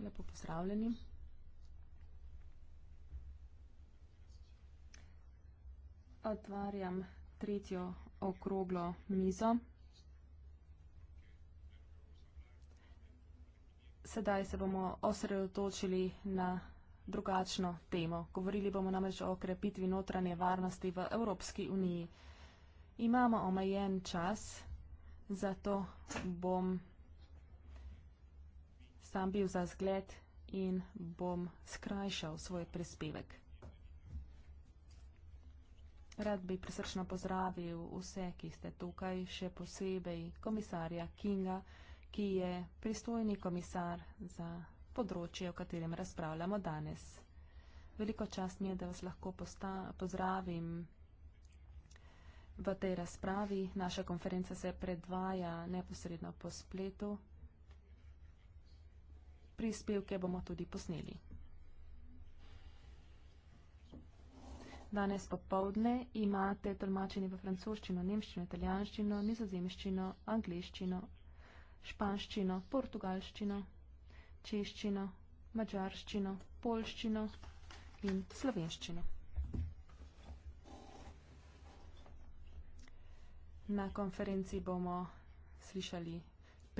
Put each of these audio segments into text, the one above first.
Lepo pozdravljeni. Otvarjam tretjo okroglo mizo. Sedaj se bomo osredotočili na drugačno temo. Govorili bomo namreč o krepitvi notranje varnosti v Evropski uniji. Imamo omejen čas, zato bom sam bil za zgled in bom skrajšal svoj prispevek. Rad bi prisrčno pozdravil vse, ki ste tukaj, še posebej komisarja Kinga, ki je pristojni komisar za področje, o katerem razpravljamo danes. Veliko čast mi je, da vas lahko posta, pozdravim v tej razpravi. Naša konferenca se predvaja neposredno po spletu prispevke bomo tudi posneli. Danes popovdne imate tolmačenje v francoščino, nemščino, italijanščino, nizozemščino, angliščino, španščino, portugalščino, češčino, mačarščino, polščino in slovenščino. Na konferenci bomo slišali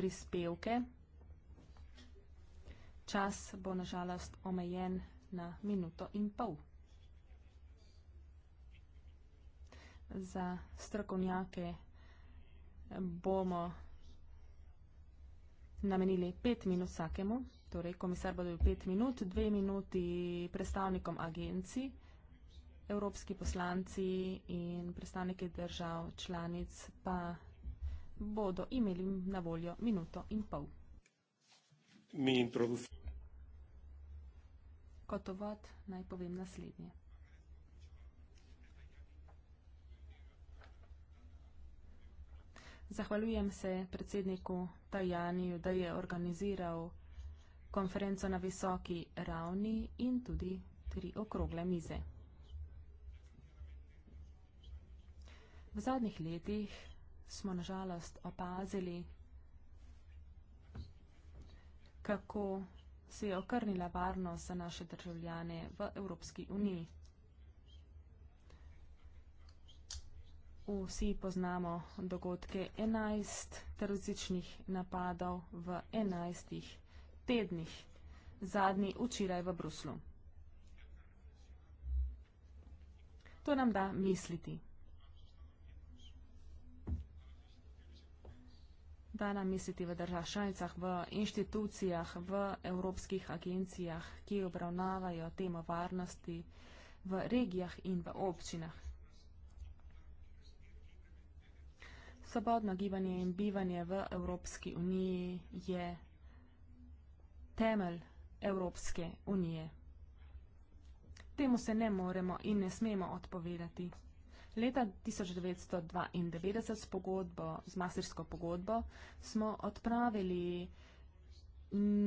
prispevke čas bo nažalost omejen na minuto in pol. Za strokovnjake bomo namenili pet minut vsakemu, torej komisar bo dobil pet minut, dve minuti predstavnikom agencij, evropski poslanci in predstavniki držav članic pa bodo imeli na voljo minuto in pol. Mi introduciramo. Kot ovod naj povem naslednje. Zahvaljujem se predsedniku Tajaniju, da je organiziral konferenco na visoki ravni in tudi tri okrogle mize. V zadnjih letih smo nažalost opazili, kako se je okrnila varnost za naše državljane v Evropski uniji. Vsi poznamo dogodke 11 terorističnih napadov v 11 tednih, zadnji včeraj v Bruslu. To nam da misliti. dana misliti v državah članicah, v inštitucijah, v evropskih agencijah, ki obravnavajo temo varnosti v regijah in v občinah. Svobodno gibanje in bivanje v Evropski uniji je temelj Evropske unije. Temu se ne moremo in ne smemo odpovedati. Leta 1992 s pogodbo, z masersko pogodbo, smo odpravili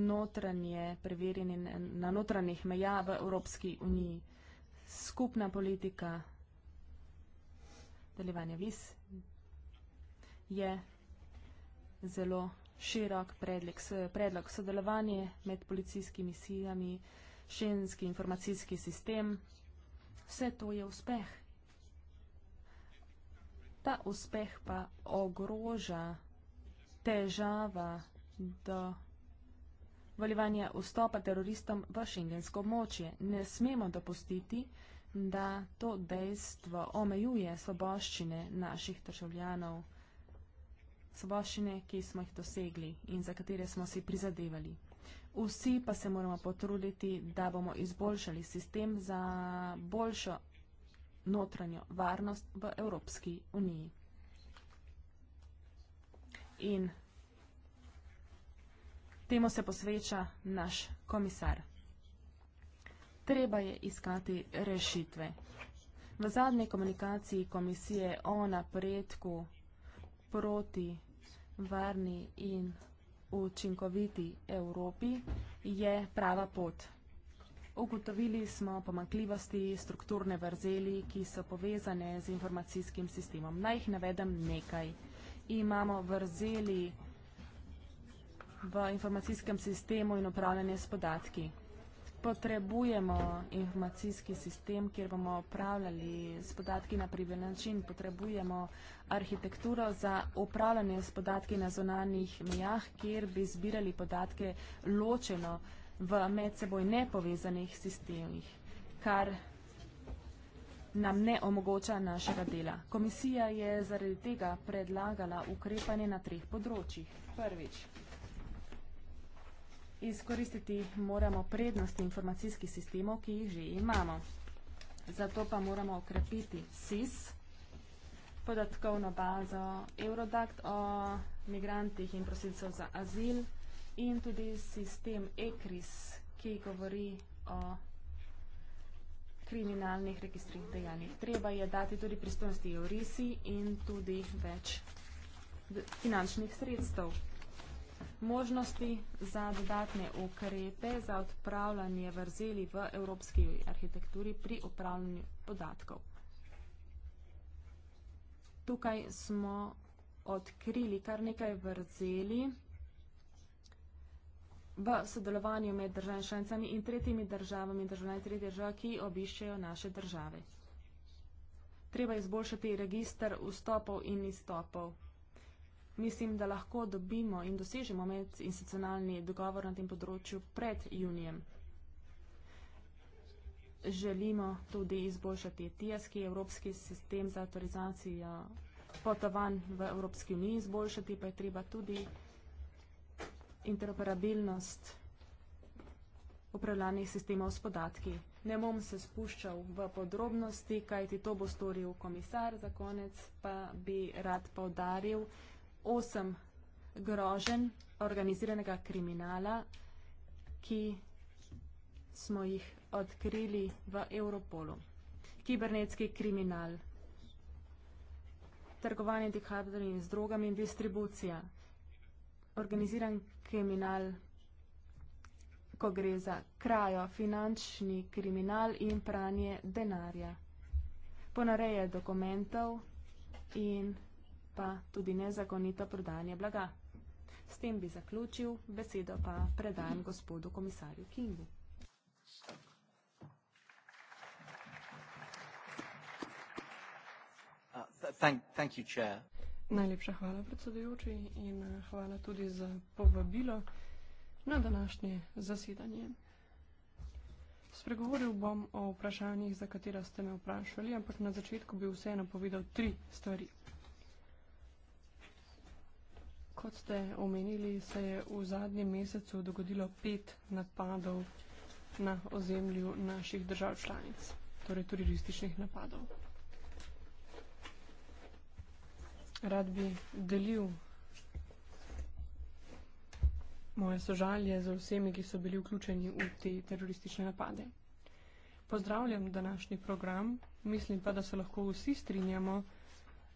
notranje preverjenje na notranjih meja v Evropski uniji. Skupna politika delovanja viz je zelo širok predlog, predlog sodelovanje med policijskimi silami, šenski informacijski sistem. Vse to je uspeh ta uspeh pa ogroža težava do valjevanja vstopa teroristom v šengensko močje. Ne smemo dopustiti, da to dejstvo omejuje svoboščine naših državljanov, svoboščine, ki smo jih dosegli in za katere smo si prizadevali. Vsi pa se moramo potruditi, da bomo izboljšali sistem za boljšo notranjo varnost v Evropski uniji. In temu se posveča naš komisar. Treba je iskati rešitve. V zadnji komunikaciji komisije o napredku proti varni in učinkoviti Evropi je prava pot. Ugotovili smo pomakljivosti strukturne vrzeli, ki so povezane z informacijskim sistemom. Naj jih navedem nekaj. Imamo vrzeli v informacijskem sistemu in upravljanje s podatki. Potrebujemo informacijski sistem, kjer bomo upravljali s podatki na priven način. Potrebujemo arhitekturo za upravljanje s podatki na zonanih mejah, kjer bi zbirali podatke ločeno v med seboj nepovezanih sistemih, kar nam ne omogoča našega dela. Komisija je zaradi tega predlagala ukrepanje na treh področjih. Prvič, izkoristiti moramo prednosti informacijskih sistemov, ki jih že imamo. Zato pa moramo okrepiti SIS, podatkovno bazo Eurodakt o migrantih in prosilcev za azil, in tudi sistem ECRIS, ki govori o kriminalnih registrih dejanjih. Treba je dati tudi pristojnosti Eurisi in tudi več finančnih sredstev. Možnosti za dodatne ukrepe za odpravljanje vrzeli v evropski arhitekturi pri upravljanju podatkov. Tukaj smo odkrili kar nekaj vrzeli, v sodelovanju med državami članicami in tretjimi državami in državljani tretje države, ki obiščejo naše države. Treba izboljšati registr vstopov in izstopov. Mislim, da lahko dobimo in dosežemo medinstitucionalni dogovor na tem področju pred junijem. Želimo tudi izboljšati TIAS, ki je Evropski sistem za avtorizacijo potovanj v Evropski uniji, izboljšati pa je treba tudi interoperabilnost upravljanih sistemov s podatki. Ne bom se spuščal v podrobnosti, kaj ti to bo storil komisar za konec, pa bi rad povdaril osem grožen organiziranega kriminala, ki smo jih odkrili v Europolu. Kibernetski kriminal, trgovanje dihadrini z drogami in distribucija, organiziran kriminal, ko gre za krajo, finančni kriminal in pranje denarja. Ponareje dokumentov in pa tudi nezakonito prodanje blaga. S tem bi zaključil, besedo pa predajem gospodu komisarju Kingu. Uh, th thank, thank you, Chair. Najlepša hvala, predsedujoči, in eh, hvala tudi za povabilo na današnje zasedanje. Spregovoril bom o vprašanjih, za katera ste me vprašali, ampak na začetku bi vseeno povedal tri stvari. Kot ste omenili, se je v zadnjem mesecu dogodilo pet napadov na ozemlju naših držav članic, torej turističnih napadov. rad bi delil moje sožalje za vsemi, ki so bili vključeni v te teroristične napade. Pozdravljam današnji program, mislim pa, da se lahko vsi strinjamo,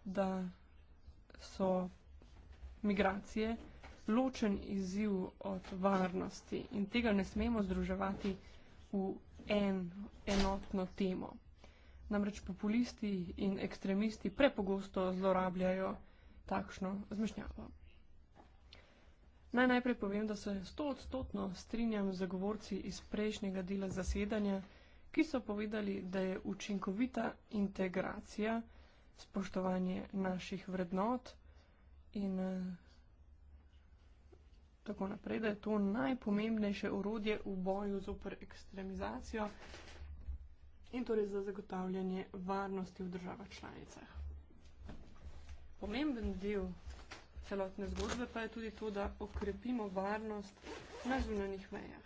da so migracije ločen izziv od varnosti in tega ne smemo združevati v en, enotno temo. Namreč populisti in ekstremisti prepogosto zlorabljajo takšno zmešnjavo. Naj najprej povem, da se stoodstotno strinjam z govorci iz prejšnjega dela zasedanja, ki so povedali, da je učinkovita integracija, spoštovanje naših vrednot in eh, tako naprej, da je to najpomembnejše orodje v boju zoper ekstremizacijo in torej za zagotavljanje varnosti v državah članicah. Pomemben del celotne zgodbe pa je tudi to, da okrepimo varnost na zunanjih mejah.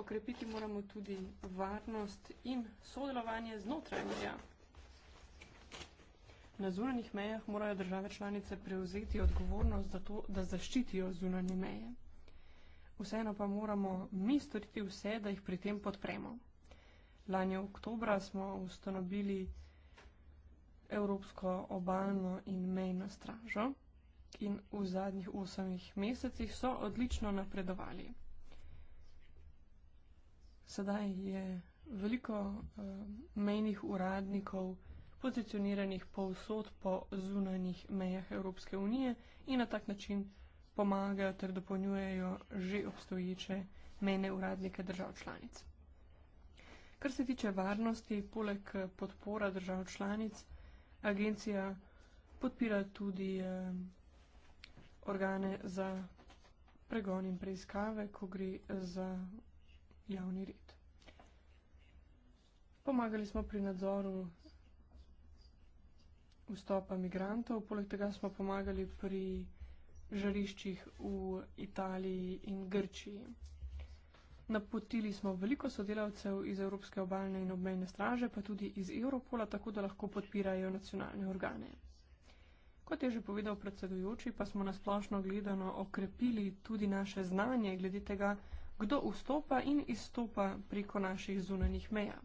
Okrepiti moramo tudi varnost in sodelovanje znotraj meja. Na zunanjih mejah morajo države članice prevzeti odgovornost za to, da zaščitijo zunanje meje. Vseeno pa moramo mi storiti vse, da jih pri tem podpremo. Lani oktobra smo ustanovili Evropsko obalno in mejno stražo in v zadnjih osmih mesecih so odlično napredovali. Sedaj je veliko uh, mejnih uradnikov pozicioniranih povsod po zunanjih mejah Evropske unije in na tak način pomagajo ter dopolnjujejo že obstoječe mejne uradnike držav članic. Kar se tiče varnosti, poleg eh, podpora držav članic, agencija podpira tudi eh, organe za pregon in preiskave, ko gre eh, za javni red. Pomagali smo pri nadzoru vstopa migrantov, poleg tega smo pomagali pri žariščih v Italiji in Grčiji. Napotili smo veliko sodelavcev iz Evropske obalne in obmejne straže, pa tudi iz Evropola, tako da lahko podpirajo nacionalne organe. Kot je že povedal predsedujoči, pa smo nasplošno gledano okrepili tudi naše znanje glede tega, kdo vstopa in izstopa preko naših zunanjih meja.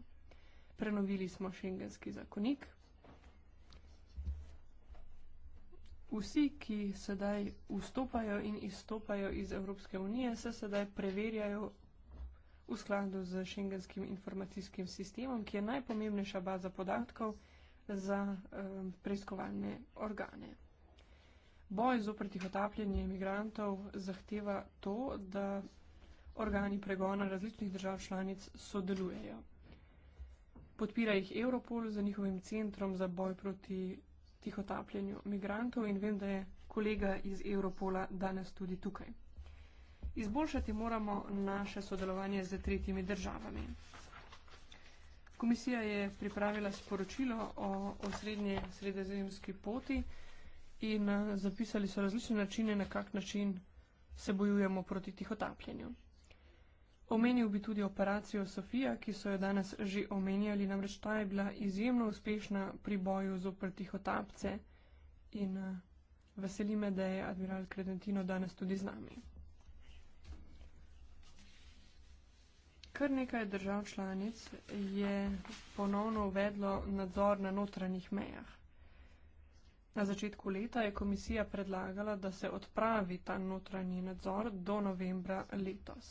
Prenovili smo šengenski zakonik. Vsi, ki sedaj vstopajo in izstopajo iz Evropske unije, se sedaj preverjajo, v skladu z šengenskim informacijskim sistemom, ki je najpomembnejša baza podatkov za um, preiskovalne organe. Boj zoproti otapljanje imigrantov zahteva to, da organi pregona različnih držav članic sodelujejo. Podpira jih Europol za njihovim centrom za boj proti tihotapljenju migrantov in vem, da je kolega iz Europola danes tudi tukaj. Izboljšati moramo naše sodelovanje z tretjimi državami. Komisija je pripravila sporočilo o osrednje sredozemski poti in eh, zapisali so različne načine, na kak način se bojujemo proti tihotapljenju. Omenil bi tudi operacijo Sofija, ki so jo danes že omenjali, namreč ta je bila izjemno uspešna pri boju z oprtih otapce in eh, veseli me, da je admiral Kredentino danes tudi z nami. Kar nekaj držav članic je ponovno uvedlo nadzor na notranjih mejah. Na začetku leta je komisija predlagala, da se odpravi ta notranji nadzor do novembra letos.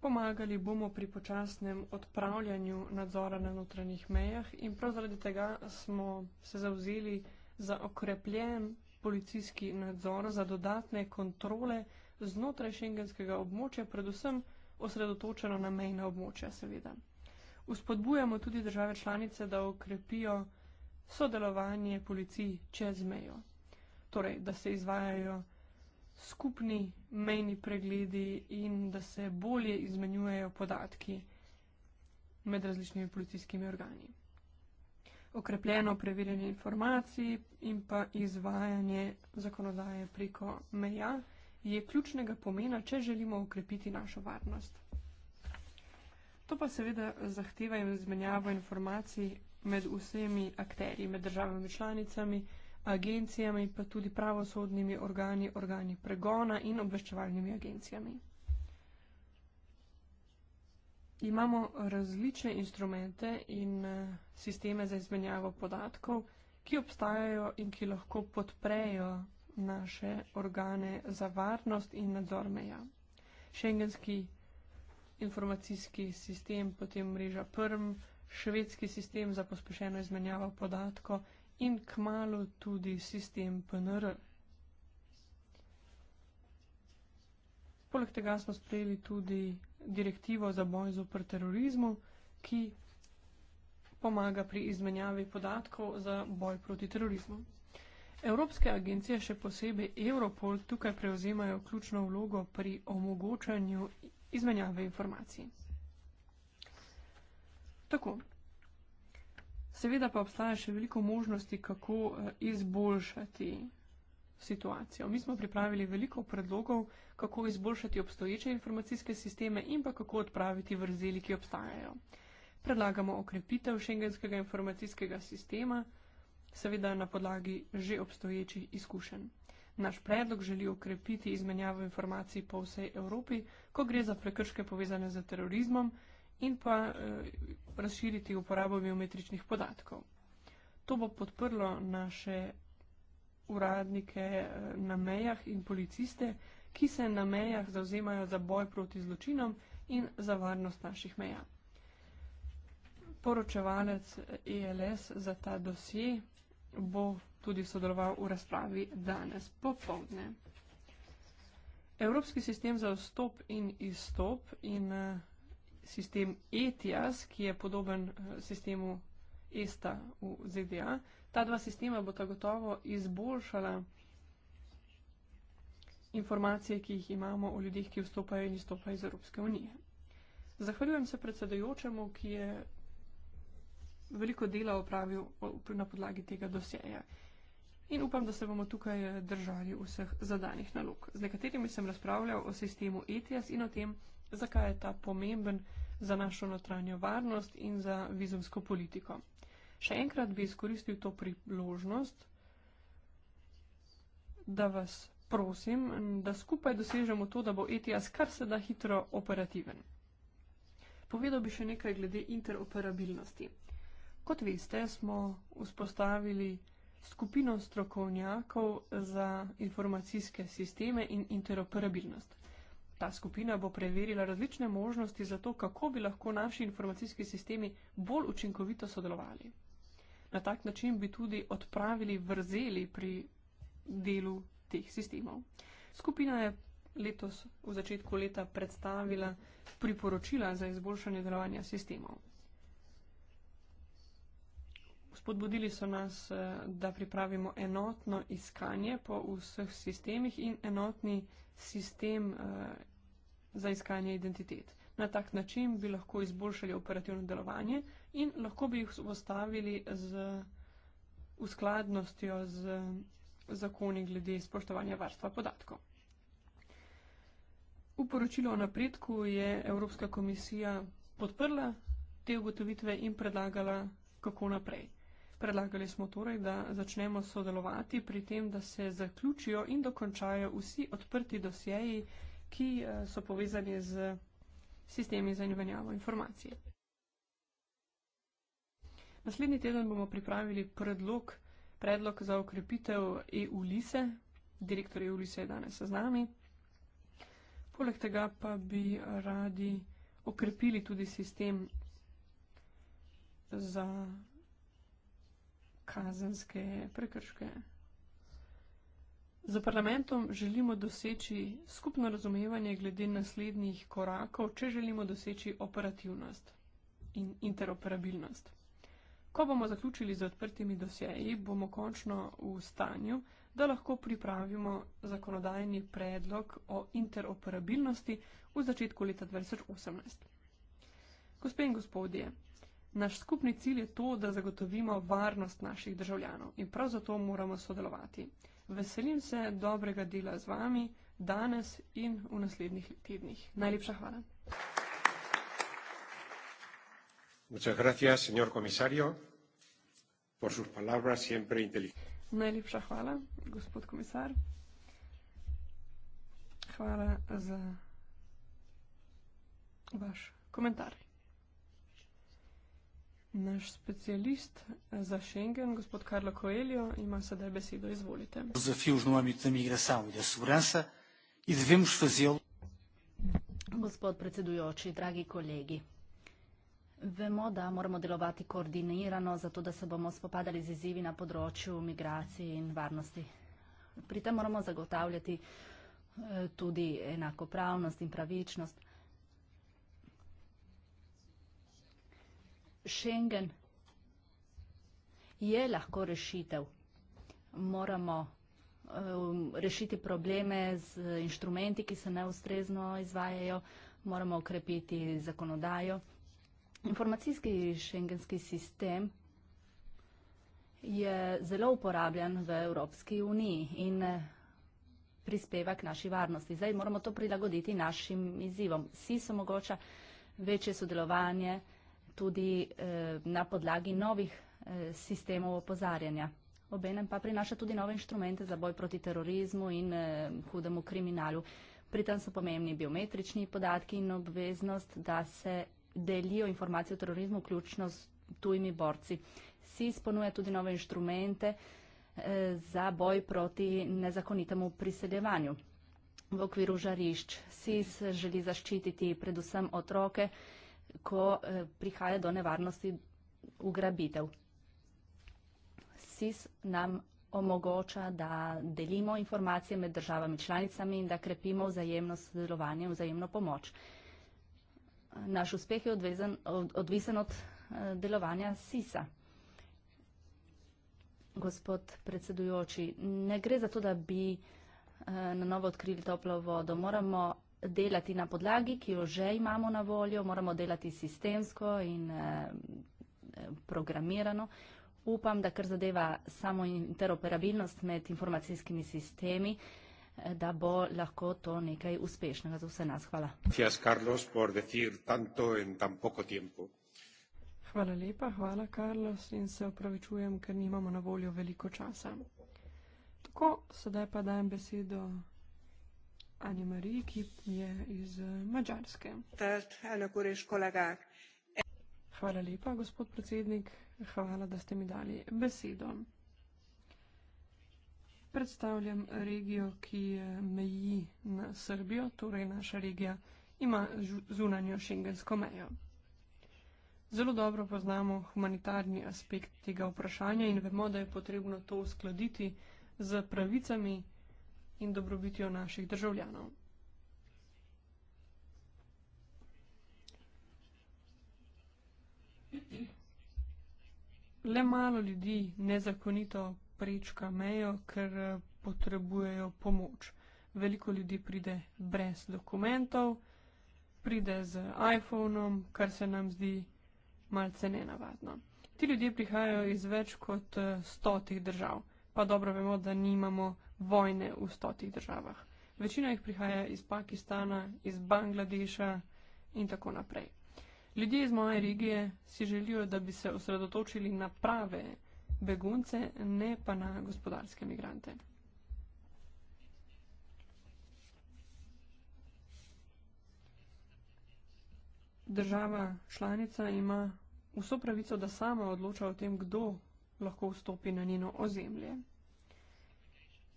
Pomagali bomo pri počasnem odpravljanju nadzora na notranjih mejah in prav zaradi tega smo se zauzeli za okrepljen policijski nadzor, za dodatne kontrole znotraj šengenskega območja, predvsem osredotočeno na mejna območja, seveda. Uspodbujamo tudi države članice, da okrepijo sodelovanje policij čez mejo, torej da se izvajajo skupni mejni pregledi in da se bolje izmenjujejo podatki med različnimi policijskimi organi. Okrepljeno preverjanje informacij in pa izvajanje zakonodaje preko meja je ključnega pomena, če želimo ukrepiti našo varnost. To pa seveda zahteva in izmenjavo informacij med vsemi akterji, med državami članicami, agencijami, pa tudi pravosodnimi organi, organi pregona in obveščevalnimi agencijami. Imamo različne instrumente in eh, sisteme za izmenjavo podatkov, ki obstajajo in ki lahko podprejo naše organe za varnost in nadzor meja. Schengenski informacijski sistem, potem mreža PRM, švedski sistem za pospešeno izmenjavo podatko in kmalo tudi sistem PNR. Poleg tega smo sprejeli tudi direktivo za boj zoper terorizmu, ki pomaga pri izmenjavi podatkov za boj proti terorizmu. Evropske agencije, še posebej Europol, tukaj prevzemajo ključno vlogo pri omogočanju izmenjave informacij. Tako. Seveda pa obstaja še veliko možnosti, kako eh, izboljšati situacijo. Mi smo pripravili veliko predlogov, kako izboljšati obstoječe informacijske sisteme in pa kako odpraviti vrzeli, ki obstajajo. Predlagamo okrepitev šengenskega informacijskega sistema seveda na podlagi že obstoječih izkušenj. Naš predlog želi ukrepiti izmenjavo informacij po vsej Evropi, ko gre za prekrške povezane z terorizmom in pa eh, razširiti uporabo biometričnih podatkov. To bo podprlo naše uradnike eh, na mejah in policiste, ki se na mejah zauzemajo za boj proti zločinom in za varnost naših meja. Poročevalec ELS eh, e za ta dosje bo tudi sodeloval v razpravi danes popovdne. Evropski sistem za vstop in izstop in eh, sistem ETIAS, ki je podoben eh, sistemu ESTA v ZDA, ta dva sistema bo tagotovo izboljšala informacije, ki jih imamo o ljudih, ki vstopajo in izstopajo iz Evropske unije. Zahvaljujem se predsedojočemu, ki je veliko dela opravil na podlagi tega dosjeja. In upam, da se bomo tukaj eh, držali vseh zadanih nalog. Z nekaterimi sem razpravljal o sistemu ETS in o tem, zakaj je ta pomemben za našo notranjo varnost in za vizumsko politiko. Še enkrat bi izkoristil to priložnost, da vas prosim, da skupaj dosežemo to, da bo ETS kar se da hitro operativen. Povedal bi še nekaj glede interoperabilnosti. Kot veste, smo vzpostavili skupino strokovnjakov za informacijske sisteme in interoperabilnost. Ta skupina bo preverila različne možnosti za to, kako bi lahko naši informacijski sistemi bolj učinkovito sodelovali. Na tak način bi tudi odpravili vrzeli pri delu teh sistemov. Skupina je letos v začetku leta predstavila priporočila za izboljšanje delovanja sistemov. Spodbudili so nas, eh, da pripravimo enotno iskanje po vseh sistemih in enotni sistem eh, za iskanje identitet. Na tak način bi lahko izboljšali operativno delovanje in lahko bi jih vzpostavili z uskladnostjo z zakoni glede spoštovanja varstva podatkov. V poročilu o napredku je Evropska komisija podprla te ugotovitve in predlagala, kako naprej. Predlagali smo torej, da začnemo sodelovati pri tem, da se zaključijo in dokončajo vsi odprti dosjeji, ki eh, so povezani z sistemi za invenjavo informacije. Naslednji teden bomo pripravili predlog, predlog za okrepitev EULISE. E. Direktor EULISE e je danes z nami. Poleg tega pa bi radi okrepili tudi sistem za invenjavo informacije kazenske prekrške. Za parlamentom želimo doseči skupno razumevanje glede naslednjih korakov, če želimo doseči operativnost in interoperabilnost. Ko bomo zaključili z odprtimi dosjeji, bomo končno v stanju, da lahko pripravimo zakonodajni predlog o interoperabilnosti v začetku leta 2018. Gospe in gospodje, Naš skupni cilj je to, da zagotovimo varnost naših državljanov in prav zato moramo sodelovati. Veselim se dobrega dela z vami danes in v naslednjih tednih. Najlepša hvala. Muchas gracias, señor comisario, por sus palabras siempre inteligentes. Najlepša hvala, gospod komisar. Hvala za vaš komentar. Naš specialist eh, za Schengen, gospod Karlo Koeljo, ima sedaj besedo. Izvolite. No e e gospod predsedujoči, dragi kolegi. Vemo, da moramo delovati koordinirano, zato da se bomo spopadali z izzivi na področju migracije in varnosti. Pri tem moramo zagotavljati eh, tudi enakopravnost in pravičnost. Schengen je lahko rešitev. Moramo um, rešiti probleme z inštrumenti, ki se neustrezno izvajajo, moramo ukrepiti zakonodajo. Informacijski šengenski sistem je zelo uporabljan v Evropski uniji in eh, prispeva k naši varnosti. Zdaj moramo to prilagoditi našim izzivom. Vsi so mogoče večje sodelovanje uh, tudi eh, na podlagi novih eh, sistemov opozarjanja. Obenem pa prinaša tudi nove inštrumente za boj proti terorizmu in eh, hudemu kriminalu. Pri tem so pomembni biometrični podatki in obveznost, da se delijo informacije o terorizmu, vključno s tujimi borci. SIS ponuja tudi nove inštrumente za boj proti nezakonitemu priseljevanju. V okviru žarišč SIS želi zaščititi predvsem otroke, ko eh, prihaja do nevarnosti ugrabitev. SIS nam omogoča, da delimo informacije med državami članicami in da krepimo vzajemno sodelovanje, vzajemno pomoč. Naš uspeh je odvezen, odvisen od eh, delovanja SIS-a. Gospod predsedujoči, ne gre za to, da bi eh, na novo odkrili toplo vodo. Moramo delati na podlagi, ki jo že imamo na voljo, moramo delati sistemsko in eh, programirano. Upam, da kar zadeva samo interoperabilnost med informacijskimi sistemi, eh, da bo lahko to nekaj uspešnega za vse nas. Hvala. Hvala lepa, hvala Carlos in se opravičujem, ker nimamo na voljo veliko časa. Tako, sedaj pa dajem besedo Anja Marija, ki je iz eh, Mačarske. Hvala lepa, gospod predsednik. Hvala, da ste mi dali besedo. Predstavljam regijo, ki eh, meji na Srbijo, torej naša regija ima zunanjo šengensko mejo. Zelo dobro poznamo humanitarni aspekt tega vprašanja in vemo, da je potrebno to uskladiti z pravicami in dobrobitjo naših državljanov. Le malo ljudi nezakonito prečka mejo, ker eh, potrebujejo pomoč. Veliko ljudi pride brez dokumentov, pride z iPhoneom, kar se nam zdi malce nenavadno. Ti ljudje prihajajo iz več kot eh, stotih držav, pa dobro vemo, da nimamo ni vojne v stotih državah. Večina jih prihaja iz Pakistana, iz Bangladeša in tako naprej. Ljudje iz moje regije si želijo, da bi se osredotočili na prave begunce, ne pa na gospodarske migrante. Država članica ima vso pravico, da sama odloča o tem, kdo lahko vstopi na njeno ozemlje.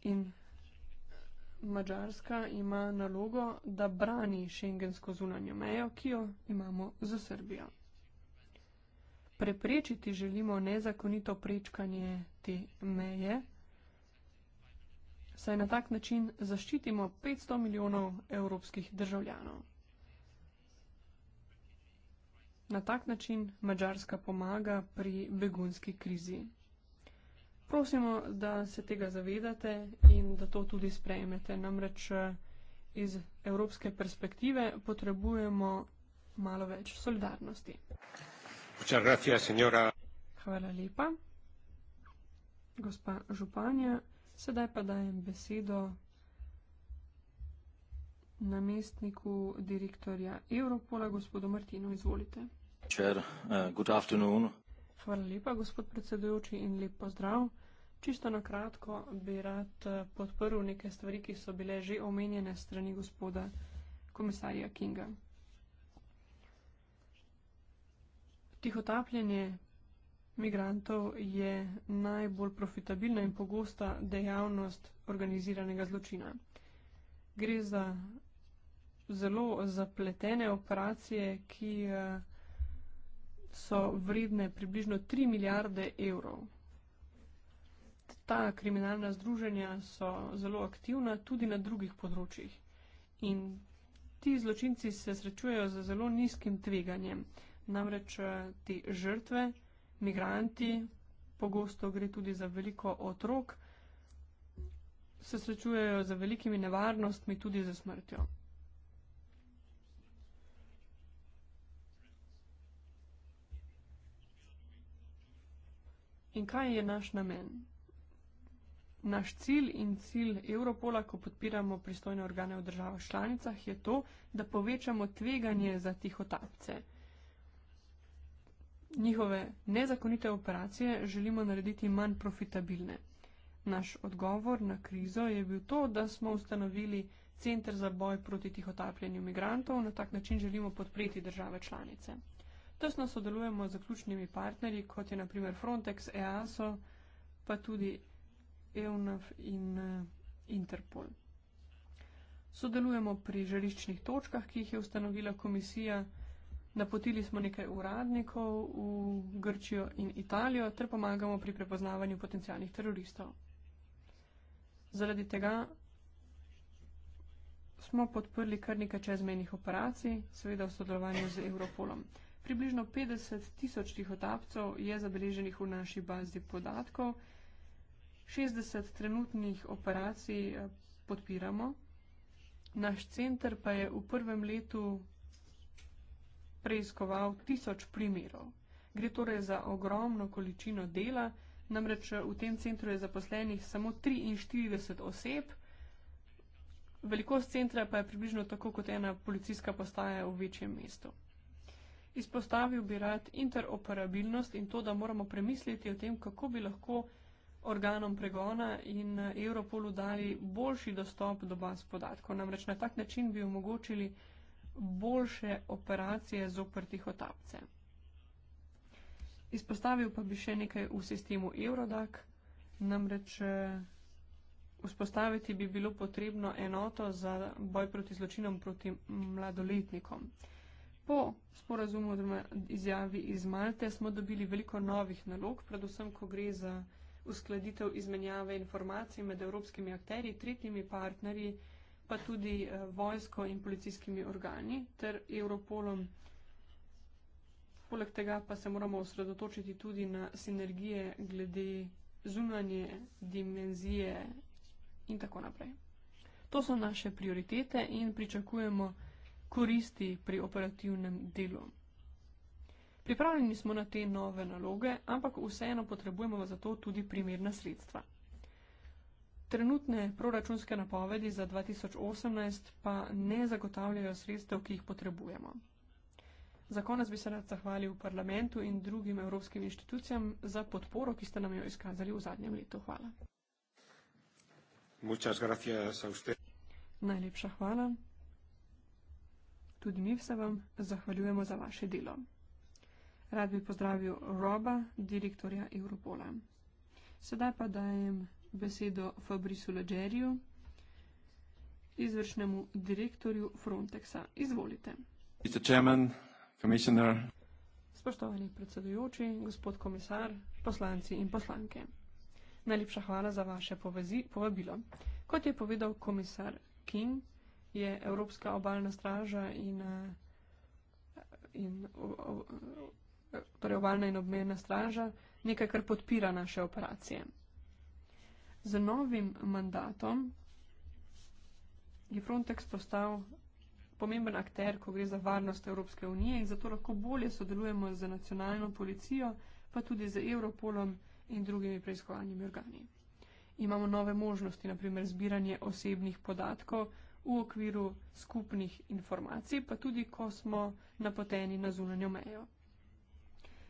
In Mačarska ima nalogo, da brani šengensko zunanjo mejo, ki jo imamo z Srbijo. Preprečiti želimo nezakonito prečkanje te meje, saj na tak način zaščitimo 500 milijonov evropskih državljanov. Na tak način Mačarska pomaga pri begunski krizi prosimo, da se tega zavedate in da to tudi sprejmete. Namreč eh, iz evropske perspektive potrebujemo malo več solidarnosti. Hvala lepa. Gospa županja, sedaj pa dajem besedo namestniku direktorja Evropola, gospodu Martinu, izvolite. Čer, uh, good afternoon. Hvala lepa, gospod predsedujoči in lep pozdrav. Čisto na kratko bi rad eh, podprl neke stvari, ki so bile že omenjene strani gospoda komisarja Kinga. Tihotapljenje migrantov je najbolj profitabilna in pogosta dejavnost organiziranega zločina. Gre za zelo zapletene operacije, ki uh, so vredne približno 3 milijarde evrov. Ta kriminalna združenja so zelo aktivna tudi na drugih področjih. In ti zločinci se srečujejo z zelo nizkim tveganjem. Namreč eh, te žrtve, migranti, pogosto gre tudi za veliko otrok, se srečujejo z velikimi nevarnostmi, tudi z smrtjo. kaj je naš namen? Naš cilj in cilj Evropola, ko podpiramo pristojne organe v državah članicah, je to, da povečamo tveganje za tihotapce. Njihove nezakonite operacije želimo narediti manj profitabilne. Naš odgovor na krizo je bil to, da smo ustanovili center za boj proti tihotapljenju migrantov, na tak način želimo podpreti države članice. Tesno sodelujemo z zaključnimi partnerji, kot je naprimer Frontex, EASO, pa tudi EUNAV in uh, Interpol. Sodelujemo pri žariščnih točkah, ki jih je ustanovila komisija. Napotili smo nekaj uradnikov v Grčijo in Italijo ter pomagamo pri prepoznavanju potencijalnih teroristov. Zaradi tega smo podprli kar nekaj čezmejnih operacij, seveda v sodelovanju z Europolom. Približno 50 tisoč tihotapcev je zabeleženih v naši bazi podatkov. 60 trenutnih operacij eh, podpiramo. Naš center pa je v prvem letu preiskoval tisoč primerov. Gre torej za ogromno količino dela, namreč eh, v tem centru je zaposlenih samo 43 oseb, velikost centra pa je približno tako kot ena policijska postaja v večjem mestu. Izpostavil bi rad interoperabilnost in to, da moramo premisliti o tem, kako bi lahko organom pregona in eh, Europolu dali boljši dostop do baz podatkov. Namreč na tak način bi omogočili boljše operacije z oprtih otapce. Izpostavil pa bi še nekaj v sistemu Eurodac, namreč eh, vzpostaviti bi bilo potrebno enoto za boj proti zločinom proti mladoletnikom. Po sporazumu oziroma izjavi iz Malte smo dobili veliko novih nalog, predvsem, ko gre za uskladitev izmenjave informacij med evropskimi akteri, tretjimi partnerji, pa tudi eh, vojsko in policijskimi organi ter Europolom. Poleg tega pa se moramo osredotočiti tudi na sinergije glede zunanje dimenzije in tako naprej. To so naše prioritete in pričakujemo, koristi pri operativnem delu. Pripravljeni smo na te nove naloge, ampak vseeno potrebujemo za to tudi primerna sredstva. Trenutne proračunske napovedi za 2018 pa ne zagotavljajo sredstev, ki jih potrebujemo. Za konec bi se rad zahvalil parlamentu in drugim evropskim inštitucijam za podporo, ki ste nam jo izkazali v zadnjem letu. Hvala. Najlepša hvala. Tudi mi se vam zahvaljujemo za vaše delo. Rad bi pozdravil Roba, direktorja Europola. Sedaj pa dajem besedo Fabrisu Leđeriju, izvršnemu direktorju Frontexa. Izvolite. Mr. Chairman, Commissioner. Spoštovani predsedujoči, gospod komisar, poslanci in poslanke. Najlepša hvala za vaše povezi, povabilo. Kot je povedal komisar King, je Evropska obaljna straža in, eh, in torej obaljna in obmejna straža nekaj, kar podpira naše operacije. Z novim mandatom je Frontex postal pomemben akter, ko gre za varnost Evropske unije in zato lahko bolje sodelujemo z nacionalno policijo, pa tudi z Europolom in drugimi preiskovalnimi organi. Imamo nove možnosti, naprimer zbiranje osebnih podatkov, v okviru skupnih informacij, pa tudi, ko smo napoteni na zunanjo mejo.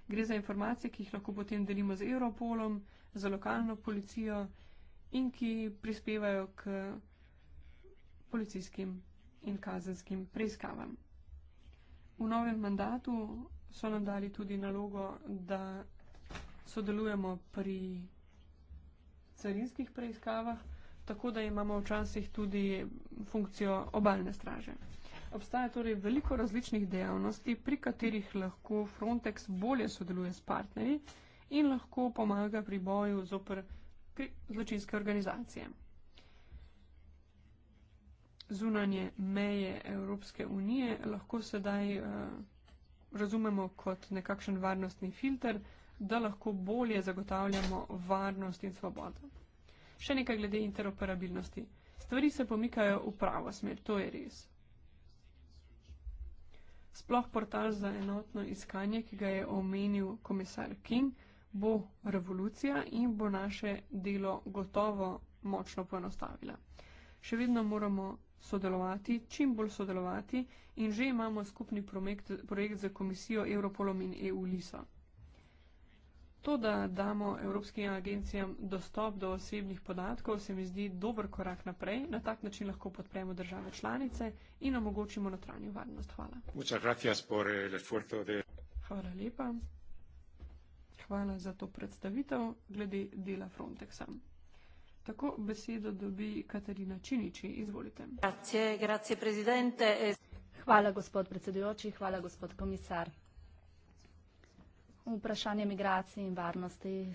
Gre za informacije, ki jih lahko potem delimo z Europolom, z lokalno policijo in ki prispevajo k policijskim in kazenskim preiskavam. V novem mandatu so nam dali tudi nalogo, da sodelujemo pri carinskih preiskavah tako da imamo včasih tudi funkcijo obalne straže. Obstaja torej veliko različnih dejavnosti, pri katerih lahko Frontex bolje sodeluje s partnerji in lahko pomaga pri boju zopr zločinske organizacije. Zunanje meje Evropske unije lahko sedaj eh, razumemo kot nekakšen varnostni filter, da lahko bolje zagotavljamo varnost in svobodo. Še nekaj glede interoperabilnosti. Stvari se pomikajo v pravo smer, to je res. Sploh portal za enotno iskanje, ki ga je omenil komisar King, bo revolucija in bo naše delo gotovo močno poenostavila. Še vedno moramo sodelovati, čim bolj sodelovati in že imamo skupni projekt, projekt za komisijo Europolom in EU-LISO. To, da damo evropskim agencijam dostop do osebnih podatkov, se mi zdi dober korak naprej. Na tak način lahko podpremo države članice in omogočimo notranjo varnost. Hvala. Hvala lepa. Hvala za to predstavitev glede dela Frontexa. Tako besedo dobi Katarina Činiči. Izvolite. Grazie, grazie, hvala, gospod predsedujoči, hvala, gospod komisar. Vprašanje migracij in varnosti eh,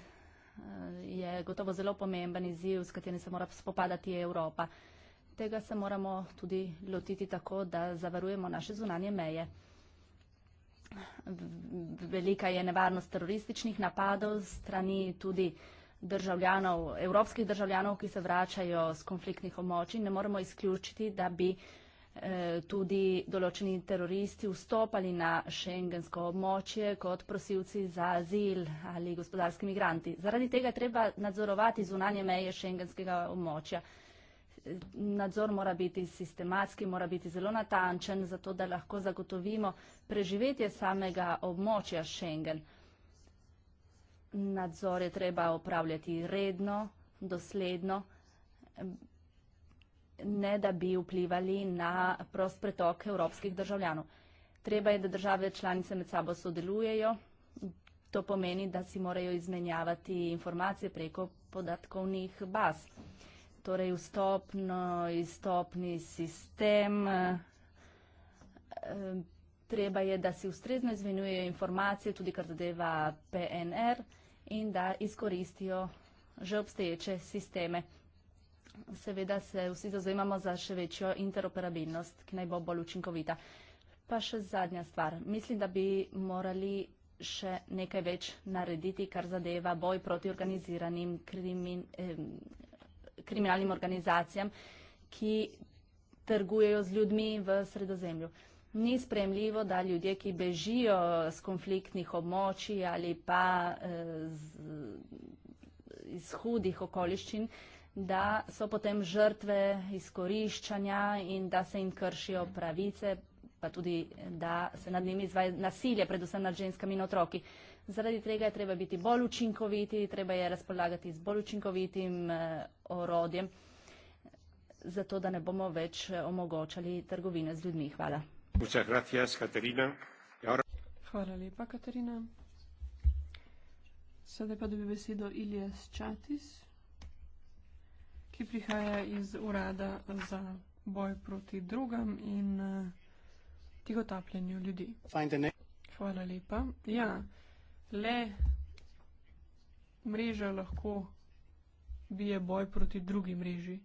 je gotovo zelo pomemben izziv, s katerim se mora spopadati Evropa. Tega se moramo tudi lotiti tako, da zavarujemo naše zunanje meje. Velika je nevarnost terorističnih napadov strani tudi državljanov, evropskih državljanov, ki se vračajo z konfliktnih območij. Ne moremo izključiti, da bi Eh, tudi določeni teroristi vstopali na šengensko območje kot prosilci za azil ali gospodarski migranti. Zaradi tega treba nadzorovati zunanje meje šengenskega območja. Nadzor mora biti sistematski, mora biti zelo natančen, zato da lahko zagotovimo preživetje samega območja Schengen. Nadzor je treba upravljati redno, dosledno, ne da bi vplivali na prost pretok evropskih državljanov. Treba je, da države članice med sabo sodelujejo. To pomeni, da si morajo izmenjavati informacije preko podatkovnih baz. Torej vstopno, izstopni sistem. Eh, treba je, da si ustrezno izmenjujejo informacije, tudi kar zadeva PNR in da izkoristijo že obstoječe sisteme. Seveda se vsi zauzemamo za še večjo interoperabilnost, ki naj bo bolj učinkovita. Pa še zadnja stvar. Mislim, da bi morali še nekaj več narediti, kar zadeva boj proti organiziranim krimin, eh, kriminalnim organizacijam, ki trgujejo z ljudmi v sredozemlju. Ni spremljivo, da ljudje, ki bežijo z konfliktnih območij ali pa eh, z, iz hudih okoliščin, eh, da so potem žrtve izkoriščanja in da se jim kršijo pravice, pa tudi da se nad njimi izvaja nasilje, predvsem nad ženskami in otroki. Zaradi tega je treba biti bolj učinkoviti, treba je razpolagati z bolj učinkovitim eh, orodjem, zato da ne bomo več eh, omogočali trgovine z ljudmi. Hvala. Hvala lepa, Katarina. Sedaj pa dobi besedo Ilija Sčatis ki prihaja iz urada za boj proti drugam in uh, tihotapljenju ljudi. Hvala lepa. Ja, le mreža lahko bije boj proti drugi mreži.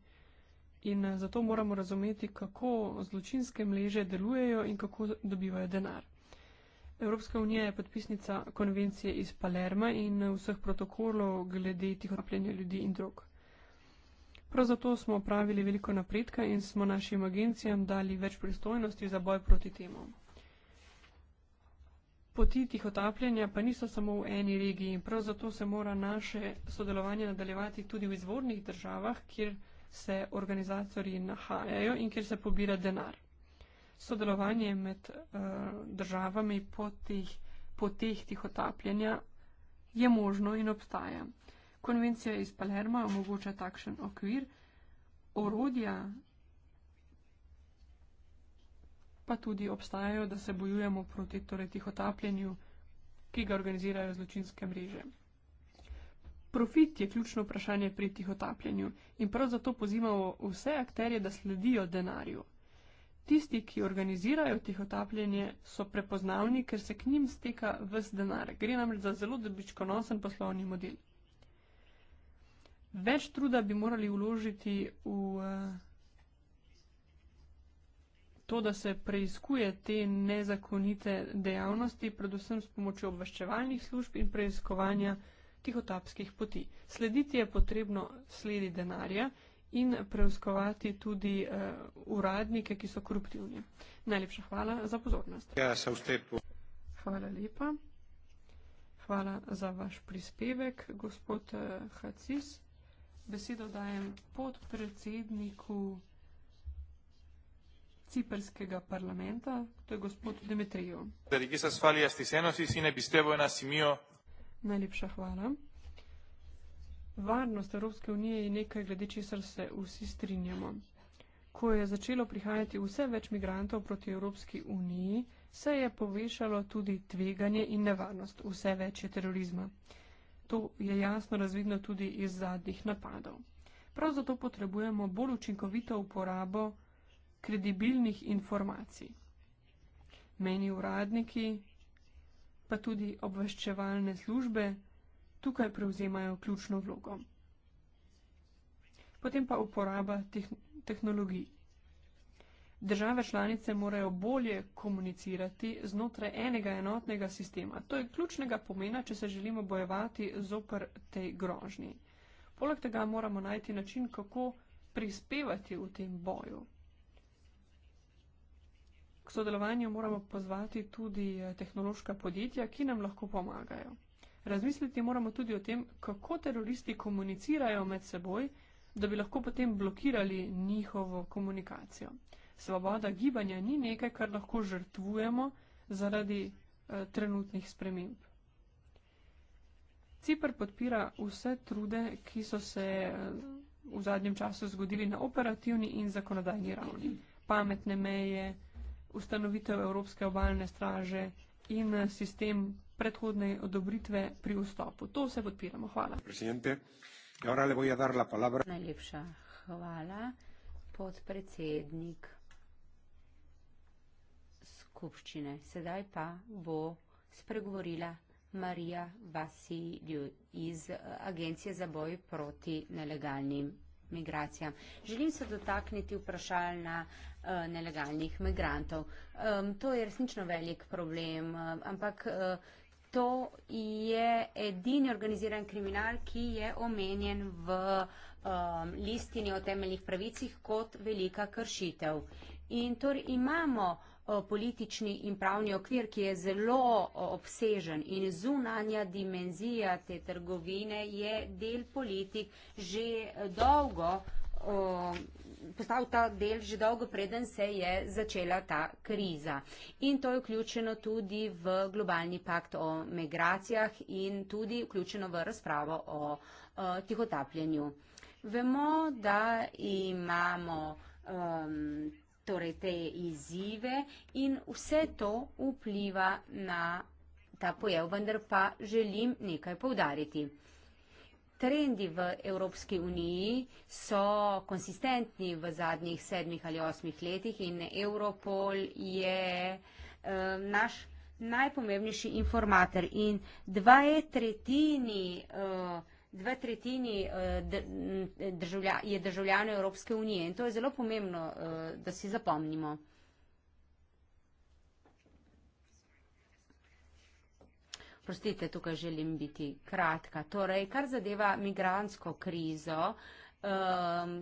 In eh, zato moramo razumeti, kako zločinske mreže delujejo in kako dobivajo denar. Evropska unija je podpisnica konvencije iz Palerma in eh, vseh protokolov glede tihotapljenja ljudi in drog. Prav zato smo opravili veliko napredka in smo našim agencijam dali več pristojnosti za boj proti temu. Poti tih otapljanja pa niso samo v eni regiji. Prav zato se mora naše sodelovanje nadaljevati tudi v izvornih državah, kjer se organizatori nahajajo in kjer se pobira denar. Sodelovanje med uh, državami po teh, po teh tih otapljanja je možno in obstaja. Konvencija iz Palerma omogoča takšen okvir, orodja pa tudi obstajajo, da se bojujemo proti torej, tihotapljenju, ki ga organizirajo zločinske mreže. Profit je ključno vprašanje pri tihotapljenju in prav zato pozivamo vse akterje, da sledijo denarju. Tisti, ki organizirajo tihotapljenje, so prepoznavni, ker se k njim steka vse denar. Gre namreč za zelo dobičkonosen poslovni model. Več truda bi morali vložiti v eh, to, da se preizkuje te nezakonite dejavnosti, predvsem s pomočjo obveščevalnih služb in preizkovanja tihotapskih poti. Slediti je potrebno sledi denarja in preuskovati tudi uh, uradnike, ki so koruptivni. Najlepša hvala za pozornost. Ja, se vstepu. Hvala lepa. Hvala za vaš prispevek, gospod uh, Hacis besedo dajem podpredsedniku ciprskega parlamenta, to je gospod Demetrijev. Najlepša hvala. Varnost Evropske unije je nekaj, glede česar se vsi strinjamo. Ko je začelo prihajati vse več migrantov proti Evropski uniji, se je povešalo tudi tveganje in nevarnost. Vse več je terorizma. To je jasno razvidno tudi iz zadnjih napadov. Prav zato potrebujemo bolj učinkovito uporabo kredibilnih informacij. Meni uradniki, pa tudi obveščevalne službe, tukaj prevzemajo ključno vlogo. Potem pa uporaba tehn tehnologij. Države članice morajo bolje komunicirati znotraj enega enotnega sistema. To je ključnega pomena, če se želimo bojevati zoper tej grožnji. Poleg tega moramo najti način, kako prispevati v tem boju. K sodelovanju moramo pozvati tudi eh, tehnološka podjetja, ki nam lahko pomagajo. Razmisliti moramo tudi o tem, kako teroristi komunicirajo med seboj, da bi lahko potem blokirali njihovo komunikacijo. Svoboda gibanja ni nekaj, kar lahko žrtvujemo zaradi eh, trenutnih sprememb. Cipr podpira vse trude, ki so se eh, v zadnjem času zgodili na operativni in zakonodajni ravni. Pametne meje, ustanovitev Evropske obaljne straže in eh, sistem predhodne odobritve pri vstopu. To vse podpiramo. Hvala. E Najlepša hvala, podpredsednik skupščine. Sedaj pa bo spregovorila Marija Vasilju iz eh, Agencije za boj proti nelegalnim migracijam. Želim se dotakniti vprašalna uh, nelegalnih migrantov. Um, to je resnično velik problem, uh, ampak uh, To je edini organiziran kriminal, ki je omenjen v um, listini o temeljnih pravicih kot velika kršitev. In torej imamo politični in pravni okvir, ki je zelo obsežen in zunanja dimenzija te trgovine je del politik že dolgo, postal ta del že dolgo preden se je začela ta kriza. In to je vključeno tudi v globalni pakt o migracijah in tudi vključeno v razpravo o tihotapljenju. Vemo, da imamo um, torej te izzive in vse to vpliva na ta pojav, vendar pa želim nekaj povdariti. Trendi v Evropski uniji so konsistentni v zadnjih sedmih ali osmih letih in Europol je eh, naš najpomembnejši informator in dvaje tretjini eh, dve tretjini eh, je državljane Evropske unije in to je zelo pomembno, eh, da si zapomnimo. Prostite, tukaj želim biti kratka. Torej, kar zadeva migransko krizo, ehm,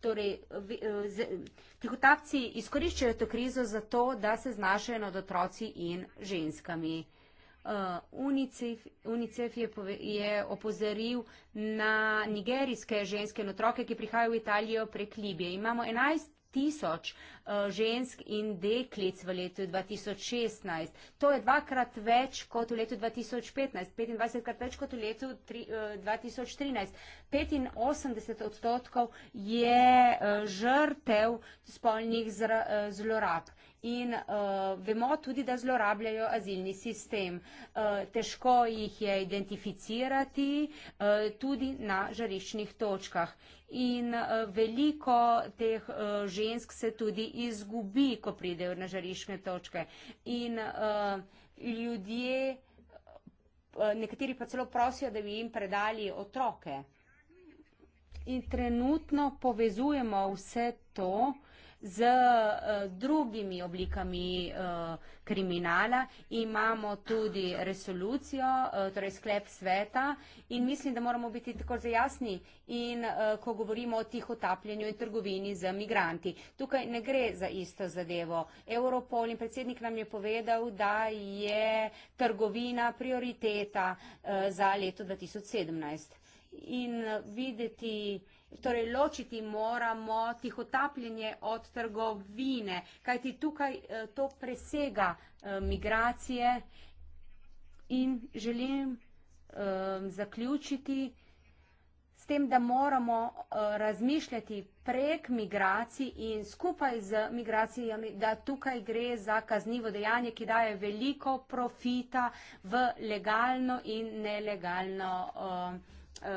torej, eh, tihotapci izkoriščajo to krizo zato, da se znašajo nad otroci in ženskami krizo. Uh, UNICEF, UNICEF je, pove, je opozoril na nigerijske ženske in otroke, ki prihajajo v Italijo prek Libije. Imamo 11 tisoč uh, žensk in deklic v letu 2016. To je dvakrat več kot v letu 2015, 25 krat več kot v letu tri, uh, 2013. 85 odstotkov je uh, žrtev spolnih zra, uh, zlorab in uh, vemo tudi, da zlorabljajo azilni sistem. Uh, težko jih je identificirati uh, tudi na žariščnih točkah. In uh, veliko teh uh, žensk se tudi izgubi, ko pridejo na žariščne točke. In uh, ljudje, uh, nekateri pa celo prosijo, da bi jim predali otroke. Uh, In trenutno povezujemo vse to z uh, drugimi oblikami uh, kriminala. Imamo tudi resolucijo, uh, torej sklep sveta in mislim, da moramo biti tako zajasni in uh, ko govorimo o tih otapljanju in trgovini z migranti. Tukaj ne gre za isto zadevo. Europol in predsednik nam je povedal, da je trgovina prioriteta uh, za leto 2017 in eh, videti, torej ločiti moramo tihotapljenje od trgovine, kajti tukaj eh, to presega eh, migracije in želim zaključiti s tem, da moramo razmišljati prek migracij in skupaj z migracijami, da tukaj gre za kaznivo dejanje, ki daje veliko profita v legalno in nelegalno migracijo uh,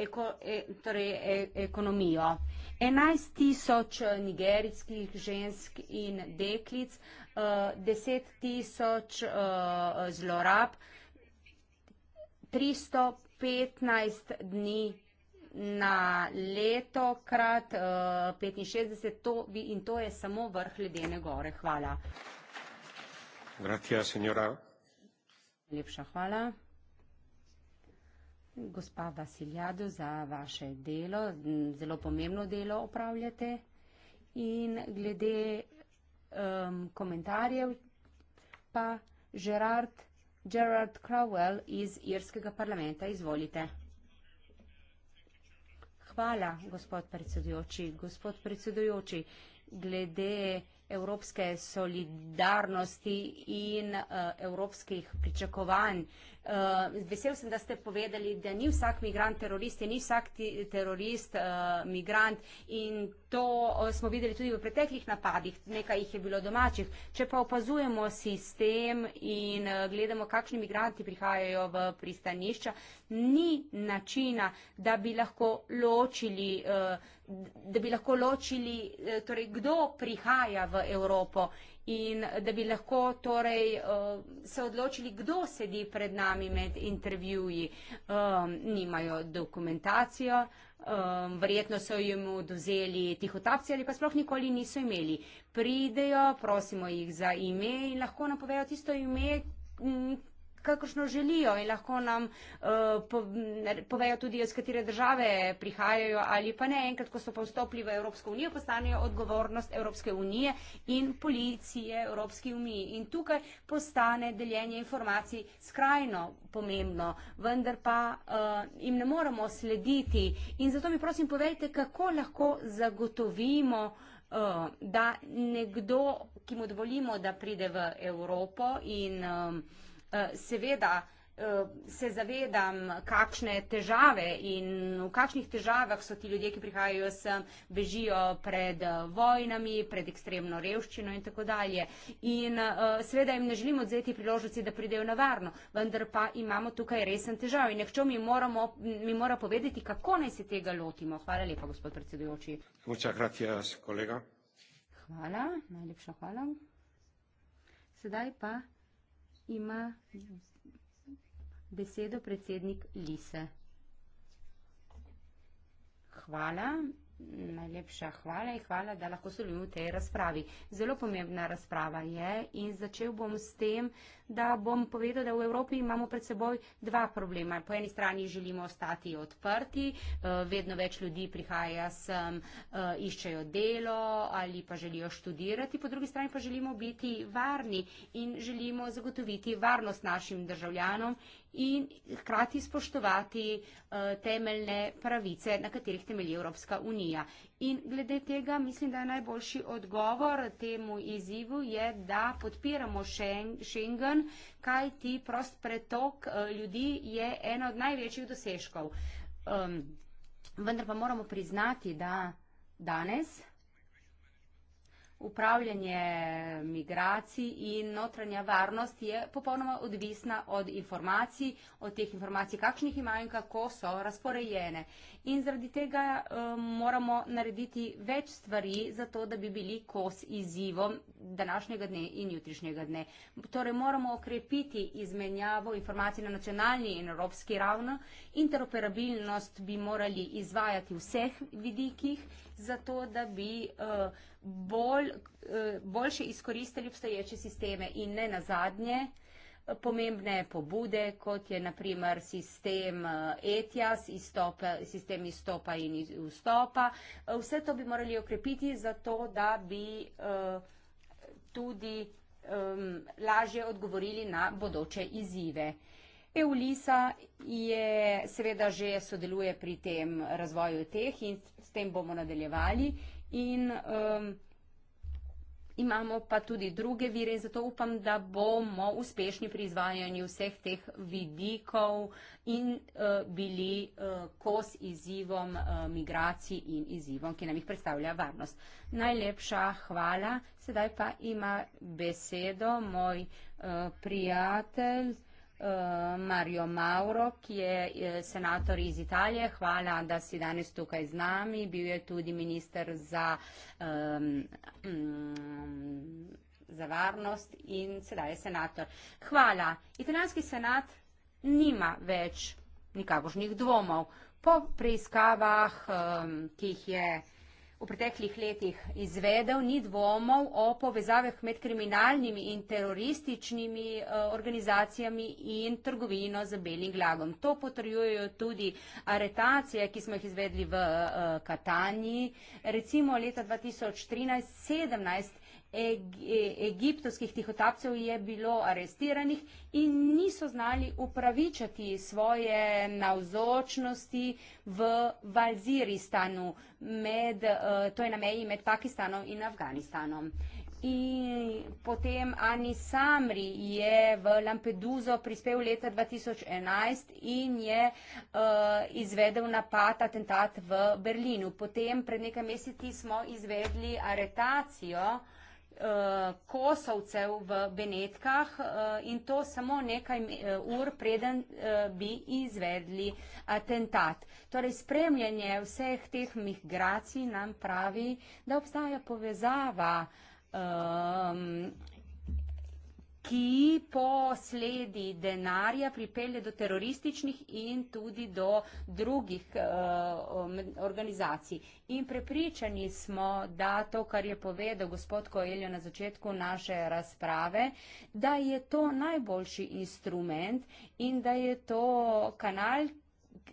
eko, e, torej, e, ekonomijo. 11 tisoč nigerijskih žensk in deklic, uh, eh, 10 tisoč uh, zlorab, 315 dni na leto krat uh, 65 to, in to je samo vrh ledene gore. Hvala. Gracias, señora. Lepša hvala. Gospa Vasiljado, za vaše delo, zelo pomembno delo opravljate. In glede um, komentarjev pa Gerard, Gerard Crowell iz Irskega parlamenta. Izvolite. Hvala, gospod predsedujoči. Gospod predsedujoči, glede evropske solidarnosti in uh, evropskih pričakovanj. Uh, vesel sem, da ste povedali, da ni vsak migrant terorist, ni vsak terorist uh, migrant in to smo videli tudi v preteklih napadih, nekaj jih je bilo domačih. Če pa opazujemo sistem in uh, gledamo, kakšni migranti prihajajo v pristanišča, ni načina, da bi lahko ločili, eh, da bi lahko ločili eh, torej, kdo prihaja v Evropo in da bi lahko torej, eh, se odločili, kdo sedi pred nami med intervjuji. Ehm, nimajo dokumentacijo, ehm, verjetno so jim oduzeli tihotapci ali pa sploh nikoli niso imeli. Pridejo, prosimo jih za ime in lahko napovejo tisto ime, kakršno želijo in lahko nam uh, po, povejo tudi, iz katere države prihajajo ali pa ne. Enkrat, ko so pa vstopili v Evropsko unijo, postanejo odgovornost Evropske unije in policije Evropske unije. In tukaj postane deljenje informacij skrajno pomembno, vendar pa uh, jim ne moremo slediti. In zato mi prosim povejte, kako lahko zagotovimo, eh, da nekdo, ki mu dovolimo, da pride v Evropo in um Eh, seveda eh, se zavedam, kakšne težave in v kakšnih težavah so ti ljudje, ki prihajajo sem, bežijo pred eh, vojnami, pred ekstremno revščino in tako dalje. In seveda jim ne želim odzeti priložnosti, da pridejo na varno, vendar pa imamo tukaj resen težav in nekdo mi, moramo, mi mora povedati, kako naj se tega lotimo. Hvala lepa, gospod predsedujoči. Muča gracias, kolega. Hvala, najlepša hvala. Sedaj pa ima besedo predsednik Lise. Hvala. Najlepša hvala in hvala, da lahko sodelujem v tej razpravi. Zelo pomembna razprava je in začel bom s tem, da bom povedal, da v Evropi imamo pred seboj dva problema. Po eni strani želimo ostati odprti, eh, vedno več ljudi prihaja sem, eh, iščejo delo ali pa želijo študirati, po drugi strani pa želimo biti varni in želimo zagotoviti varnost našim državljanom in hkrati spoštovati eh, temeljne pravice, na katerih temelji Evropska unija unija. In glede tega mislim, da je najboljši odgovor temu izzivu, je, da podpiramo Schengen, kaj ti prost pretok eh, ljudi je eno od največjih dosežkov. Um, vendar pa moramo priznati, da danes upravljanje migracij in notranja varnost je popolnoma odvisna od informacij, od teh informacij, kakšnih imajo in kako so razporejene in zaradi tega um, moramo narediti več stvari, zato da bi bili kos izzivom današnjega dne in jutrišnjega dne. Torej moramo okrepiti izmenjavo informacij na nacionalni in evropski ravni, interoperabilnost bi morali izvajati v vseh vidikih, zato da bi uh, bolj, uh, boljše izkoristili obstoječe sisteme in ne nazadnje, pomembne pobude, kot je naprimer sistem ETIAS, eh, e izstop, sistem izstopa in vstopa. Eh, vse to bi morali okrepiti zato, da bi eh, tudi lažje odgovorili na bodoče izzive. EULISA je seveda že sodeluje pri tem razvoju teh in s tem bomo nadaljevali. In, um, imamo pa tudi druge vire in zato upam, da bomo uspešni pri izvajanju vseh teh vidikov in eh, bili eh, kos izzivom eh, migracij in izzivom, ki nam jih predstavlja varnost. Najlepša hvala, sedaj pa ima besedo moj prijatelj, Eh, Mario Mauro, ki je eh, senator iz Italije. Hvala, da si danes tukaj z nami. Bil je tudi minister za, um, um, za varnost in sedaj je senator. Hvala. Italijanski senat nima več nikakošnih dvomov. Po preiskavah, um, ki jih je v preteklih letih izvedel, ni dvomov o povezavah med kriminalnimi in terorističnimi eh, organizacijami in trgovino z belim glagom. To potrjujejo tudi aretacije, ki smo jih izvedli v eh, Katanji. Recimo leta 2013-2017 E, egiptovskih tihotapcev je bilo arestiranih in niso znali upravičati svoje navzočnosti v Valziristanu, med, e, to je na meji med Pakistanom in Afganistanom. In potem Ani Samri je v Lampeduzo prispel leta 2011 in je uh, izvedel napad, atentat v Berlinu. Potem pred nekaj meseci smo izvedli aretacijo uh, Eh, kosovcev v Benetkah eh, in to samo nekaj eh, ur, preden bi izvedli atentat. Torej, spremljanje vseh teh migracij nam pravi, da obstaja povezava ehm, ki po sledi denarja pripelje do terorističnih in tudi do drugih uh, organizacij. In prepričani smo, da to, kar je povedal gospod Koeljo na začetku naše razprave, da je to najboljši instrument in da je to kanal,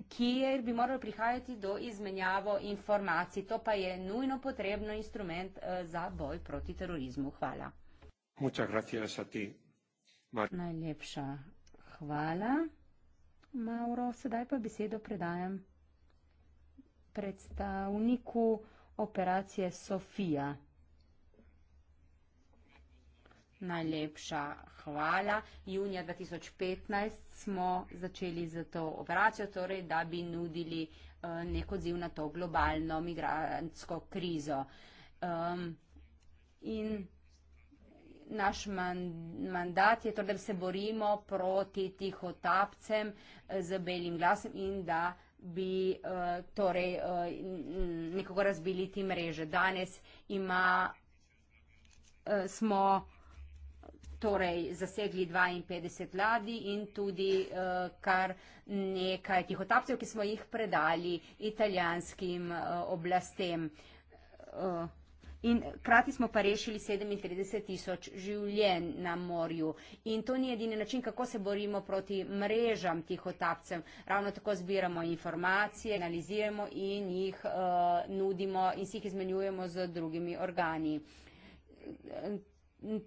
kjer bi moralo prihajati do izmenjavo informacij. To pa je nujno potrebno instrument uh, za boj proti terorizmu. Hvala. Muchas gracias a ti Najlepša hvala, Mauro. Sedaj pa besedo predajam predstavniku operacije Sofija. Najlepša hvala. Junija 2015 smo začeli z to operacijo, torej, da bi nudili eh, nek odziv na to globalno migransko krizo. Um, in naš man, mandat je to, torej, da se borimo proti tih otapcem eh, z belim glasom in da bi uh, torej uh, nekoga razbili ti mreže. Danes ima, uh, smo torej zasegli 52 ladi in tudi uh, kar nekaj tih otapcev, ki smo jih predali italijanskim uh, oblastem. Uh, In krati smo pa rešili 37 tisoč življenj na morju. In to ni edini način, kako se borimo proti mrežam tih otapcev. Ravno tako zbiramo informacije, analiziramo in jih uh, nudimo in si jih izmenjujemo z drugimi organi.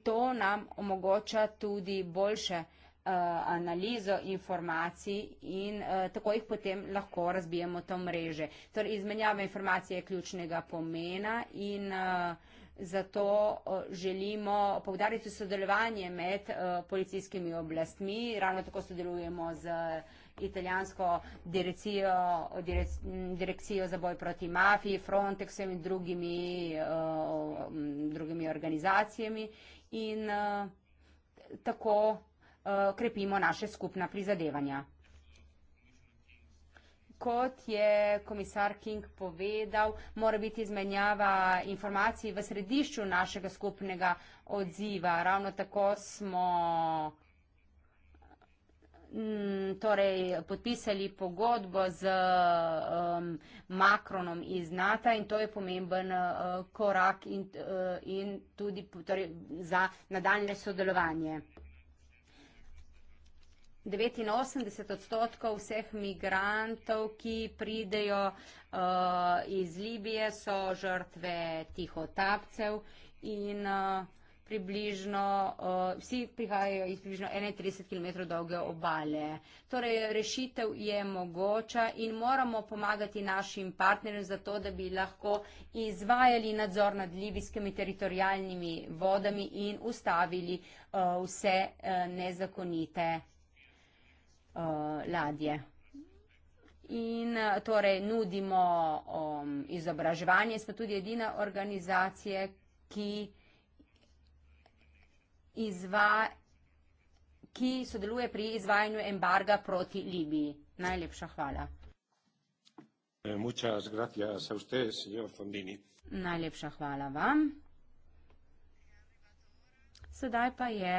To nam omogoča tudi boljše Eh, analizo informacij in eh, tako jih potem lahko razbijemo to mreže. Torej, izmenjava informacij je ključnega pomena in eh, zato želimo povdariti sodelovanje med policijskimi oblastmi, ravno tako sodelujemo z italijansko direkcijo, direkcijo za boj proti mafiji, Frontexom in drugimi, drugimi organizacijami in tako uh, krepimo naše skupna prizadevanja. Kot je komisar King povedal, mora biti izmenjava informacij v središču našega skupnega odziva. Ravno tako smo mm, torej podpisali pogodbo z um, Makronom iz NATO in to je pomemben uh, korak in, uh, in tudi torej, za nadaljne sodelovanje. 89 odstotkov vseh migrantov, ki pridejo uh, iz Libije, so žrtve tihotapcev in uh, približno, uh, vsi prihajajo iz približno 31 km dolge obale. Torej, rešitev je mogoča in moramo pomagati našim partnerjem za to, da bi lahko izvajali nadzor nad libijskimi teritorijalnimi vodami in ustavili uh, vse uh, nezakonite. Eh, ladje. In eh, torej nudimo um, izobraževanje, smo tudi edina organizacija, ki, izva, ki sodeluje pri izvajanju embarga proti Libiji. Najlepša hvala. Eh, usted, Najlepša hvala vam. Sedaj pa je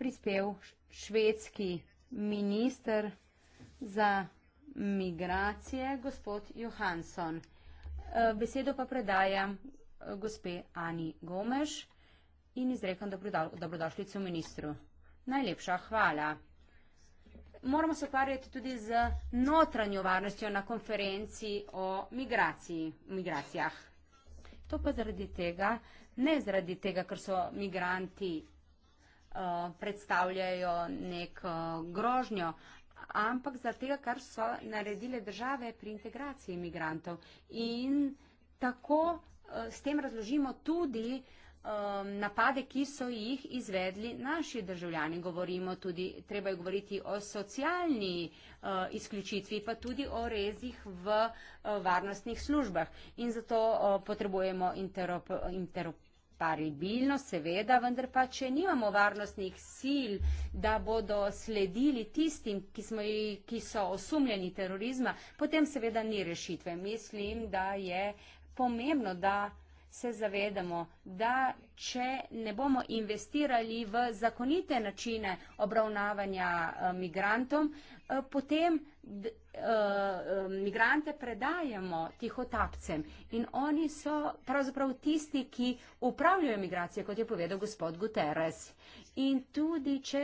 prispel švedski minister za migracije, gospod Johansson. Eh, besedo pa predajam eh, gospe Ani Gomeš in izrekam dobrodošljico ministru. Najlepša hvala. Moramo se ukvarjati tudi z notranjo varnostjo na konferenci o migraciji, migracijah. To pa zaradi tega, ne zaradi tega, ker so migranti Eh, predstavljajo neko eh, grožnjo, ampak za tega, kar so naredile države pri integraciji imigrantov. In tako eh, s tem razložimo tudi napade, ki so jih izvedli naši državljani. Govorimo tudi, treba je govoriti o socialni izključitvi, pa tudi o rezih v varnostnih službah. In zato potrebujemo interop, interop paribilno, seveda, vendar pa, če nimamo varnostnih sil, da bodo sledili tistim, ki, smo, ki so osumljeni terorizma, potem seveda ni rešitve. Mislim, da je pomembno, da se zavedamo, da če ne bomo investirali v zakonite načine obravnavanja eh, migrantom, eh, potem eh, migrante predajamo tihotapcem in oni so pravzaprav tisti, ki upravljajo migracije, kot je povedal gospod Guterres. In tudi, če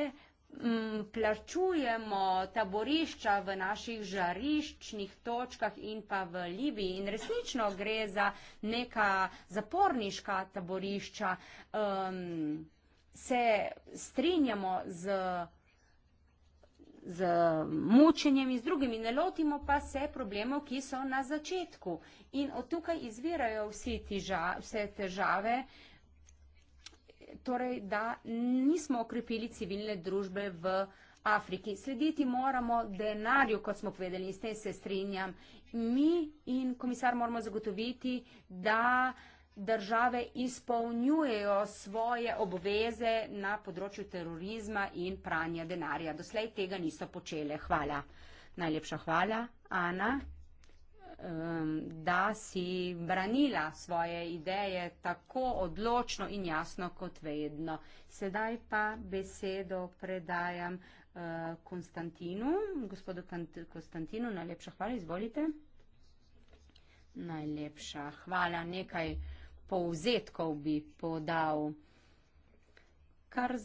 m, plačujemo taborišča v naših žariščnih točkah in pa v Libiji. In resnično gre za neka zaporniška taborišča. Um, se strinjamo z, z mučenjem in z drugimi, ne lotimo pa se problemov, ki so na začetku. In od tukaj izvirajo vsi tiža, vse težave. Uh, torej, da nismo okrepili civilne družbe v Afriki. Slediti moramo denarju, kot smo povedali, in s tem se strinjam. Mi in komisar moramo zagotoviti, da države izpolnjujejo svoje obveze na področju terorizma in pranja denarja. Doslej tega niso počele. Hvala. Najlepša hvala. Ana um, da si branila svoje ideje tako odločno in jasno kot vedno. Sedaj pa besedo predajam uh, Konstantinu. Gospodu Kant Konstantinu, najlepša hvala, izvolite. Najlepša hvala, nekaj povzetkov bi podal. Kar,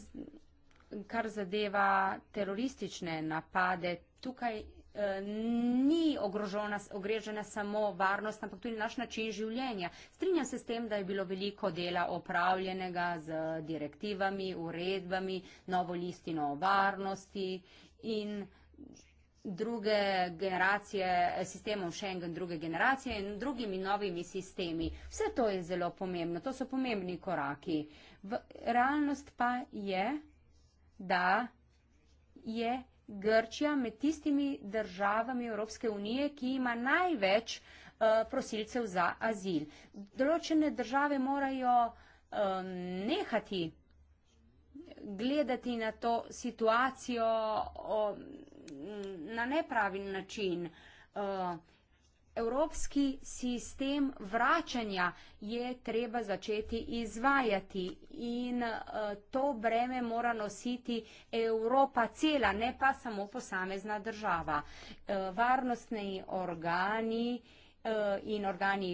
kar zadeva teroristične napade, tukaj Eh, ni ogrožena, ogrežena samo varnost, ampak tudi naš način življenja. Strinjam se s tem, da je bilo veliko dela opravljenega z direktivami, uredbami, novo listino o varnosti in druge generacije sistemov Schengen, druge generacije in drugimi novimi sistemi. Vse to je zelo pomembno, to so pomembni koraki. V, realnost pa je, da je Grčija med tistimi državami Evropske unije, ki ima največ uh, prosilcev za azil. Določene države morajo um, nehati gledati na to situacijo um, na nepravi način. Uh, Evropski sistem vračanja je treba začeti izvajati in eh, to breme mora nositi Evropa cela, ne pa samo posamezna država. Eh, varnostni organi eh, in organi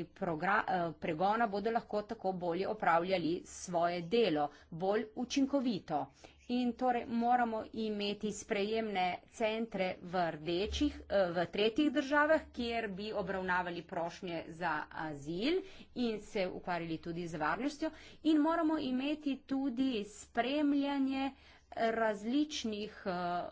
pregona bodo lahko tako bolje opravljali svoje delo, bolj učinkovito in torej moramo imeti sprejemne centre v rdečih, eh, v tretjih državah, kjer bi obravnavali prošnje za azil in se ukvarjali tudi z varnostjo in moramo imeti tudi spremljanje različnih eh,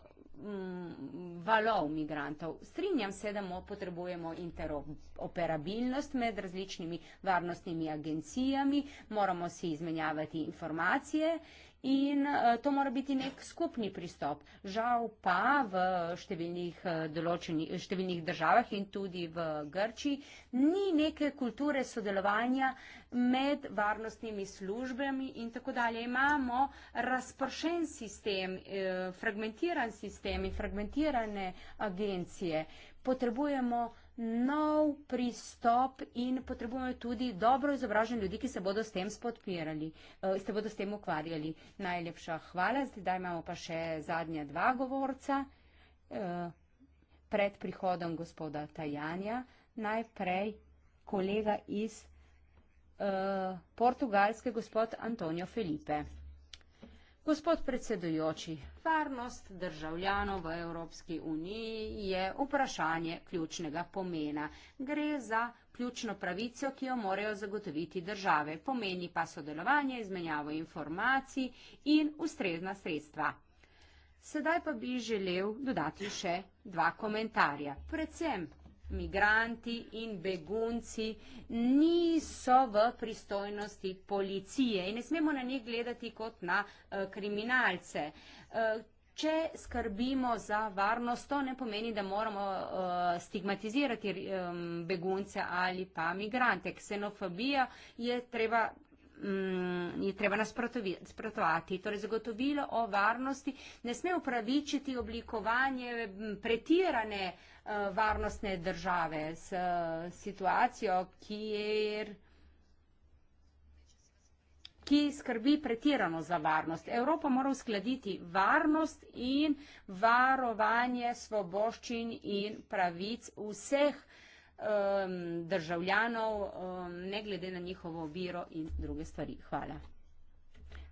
valov migrantov. Strinjam se, da potrebujemo interoperabilnost med različnimi varnostnimi agencijami, moramo si izmenjavati informacije in eh, to mora biti nek skupni pristop. Žal pa v številnih, eh, določeni, številnih državah in tudi v Grči ni neke kulture sodelovanja med varnostnimi službami in tako dalje. Imamo razpršen sistem, eh, fragmentiran sistem in fragmentirane agencije. Potrebujemo nov pristop in potrebujemo tudi dobro izobražen ljudi, ki se bodo s tem spodpirali, eh, se bodo s tem ukvarjali. Najlepša hvala, zdaj imamo pa še zadnja dva govorca eh, pred prihodom gospoda Tajanja. Najprej kolega iz eh, Portugalske, gospod Antonio Felipe. Gospod predsedujoči, varnost državljanov v Evropski uniji je vprašanje ključnega pomena. Gre za ključno pravico, ki jo morajo zagotoviti države. Pomeni pa sodelovanje, izmenjavo informacij in ustrezna sredstva. Sedaj pa bi želel dodati še dva komentarja. Predvsem migranti in begunci niso v pristojnosti policije in ne smemo na njih gledati kot na eh, kriminalce. Eh, če skrbimo za varnost, to ne pomeni, da moramo eh, stigmatizirati begunce ali pa migrante. Ksenofobija je treba mm, je treba nasprotovati. Torej zagotovilo o varnosti ne sme upravičiti oblikovanje pretirane uh, Eh, varnostne države, s eh, situacijo, kjer ki skrbi pretirano za varnost. Evropa mora uskladiti varnost in varovanje svoboščin in pravic vseh um, državljanov, um, ne glede na njihovo viro in druge stvari. Hvala.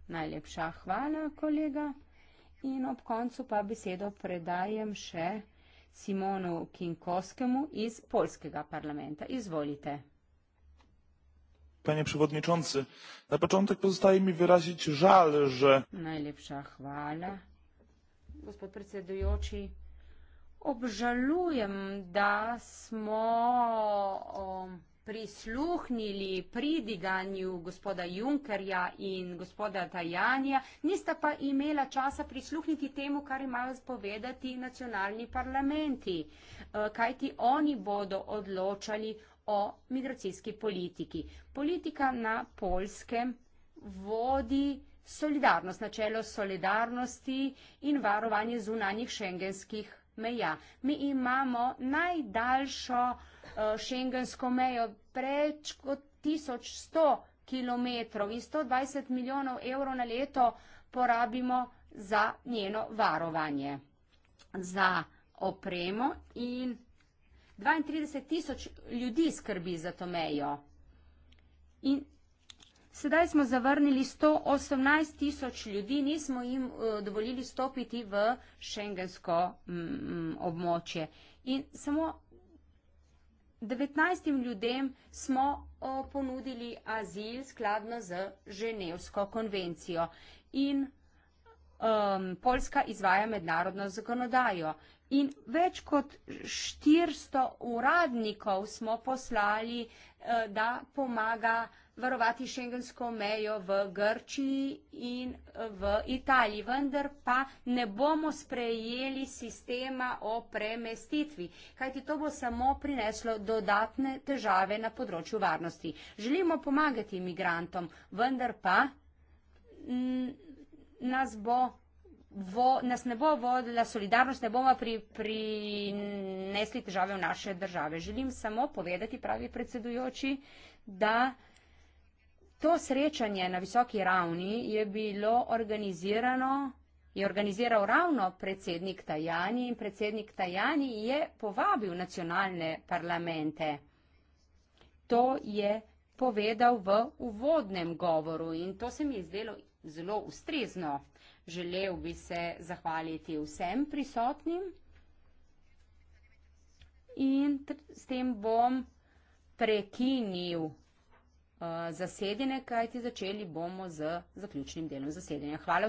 Najlepša hvala, kolega. In ob koncu pa besedo predajem še Simonu Kinkowskiemu iz polskiego parlamenta. Izwolite. Panie przewodniczący, na początek pozostaje mi wyrazić żal, że... Najlepsza chwala. Gospod przewodniczący, obżalujem, da smo... O prisluhnili pridiganju gospoda Junkerja in gospoda Tajanja, nista pa imela časa prisluhniti temu, kar imajo spovedati nacionalni parlamenti, eh, kaj ti oni bodo odločali o migracijski politiki. Politika na polskem vodi solidarnost, načelo solidarnosti in varovanje zunanjih šengenskih meja. Mi imamo najdaljšo Eh, šengensko mejo preč kot 1100 km in 120 milijonov evrov na leto porabimo za njeno varovanje, za opremo in 32 tisoč ljudi skrbi za to mejo. In sedaj smo zavrnili 118 tisoč ljudi, nismo jim eh, dovolili stopiti v šengensko mm, mm, območje. In samo 19 ljudem smo ponudili azil skladno z Ženevsko konvencijo in um, Poljska izvaja mednarodno zakonodajo. In več kot 400 uradnikov smo poslali, eh, da pomaga varovati šengensko mejo v Grčiji in v Italiji, vendar pa ne bomo sprejeli sistema o premestitvi, kajti to bo samo prineslo dodatne težave na področju varnosti. Želimo pomagati imigrantom, vendar pa nas bo. Vo, nas ne bo vodila solidarnost, ne bomo prinesli pri težave v naše države. Želim samo povedati, pravi predsedujoči, da To srečanje na visoki ravni je bilo organizirano, je organiziral ravno predsednik Tajani in predsednik Tajani je povabil nacionalne parlamente. To je povedal v uvodnem govoru in to se mi je zdelo zelo ustrezno. Želel bi se zahvaliti vsem prisotnim in s tem bom prekinil Eh, zasedene, kajti začeli bomo z zaključnim delom zasedanja. Hvala.